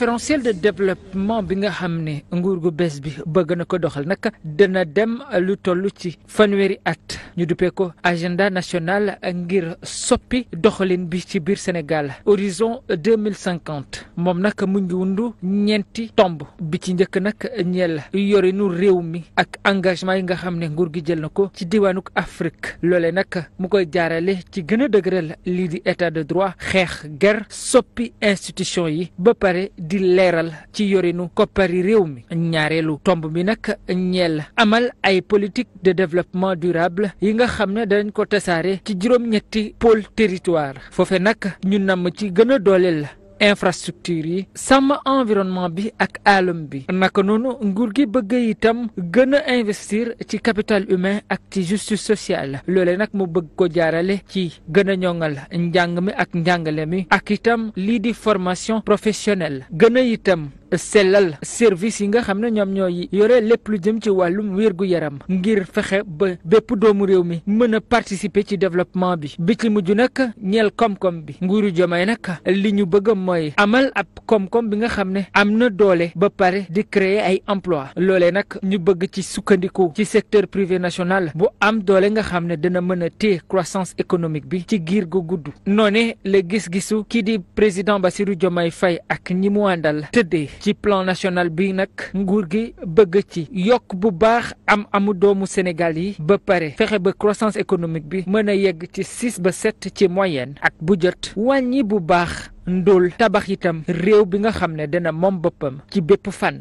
référentiel de développement bi nga xam ne nguur gu bees bi bëgg na ko doxal nag dana dem lu toll ci fanweeri at ñu duppee ko agenda national ngir soppi doxalin bi ci biir Sénégal horizon deux mille cinquante moom nag mu ngi wundu ñeenti tomb bi ci njëkk nag ñeel yorinu réew mi ak engagement yi nga xam ne nguur gi jël na ko ci diwaanuk Afrique loole nag mu koy jaarale ci gën a dëgëral lii di état de droit xeex ger soppi institution yi ba pare di leeral ci yorinu koppari réew mi ñaareelu tomb bi nag ñeel amal ay politique de développement durable yi nga xam ne dañ ko tasaare ci juróom-ñetti pôle territoire foofe nag ñu namm ci gën a dooleel infrastructure yi sàmm environnement bi ak alum bi naka noonu nguur gi bëgg itam gën a investir ci capital humain ak ci justice sociale loole nag mu bëgg ko jaarale ci gën a ñoŋal njàng mi ak njàngale mi ak itam lii di formation professionnelle gën a itam sellal service yi nga xam ne ñoom ñooy yore lépp lu jëm ci wàllum wérgu yaram ngir fexe ba bépp doomu réew mi mën a participer ci développement bi bi ci mujj nag ñeel koom-koom bi nguuru Diomaye nag li ñu bëgg mooy amal ab koom-koom bi nga xam ne am na doole ba pare di créer ay emploi loolee nag ñu bëgg ci sukkandiku ci secteur privé national bu am doole nga xam ne dina mën a téye croissance économique bi ci giir gu gudd noone la gis-gisu kii di président Bassirou Diomaye Faye ak ñi mu àndal tëddee ci plan national bi nag nguur gi bëgg ci yokk bu baax am amu doomu Sénégal yi ba pare fexe ba croissance économique bi mën a yegg ci six ba sept ci moyenne ak bu jot wàññi bu baax ndóol tabax itam réew bi nga xam ne dana moom boppam ci bépp fànn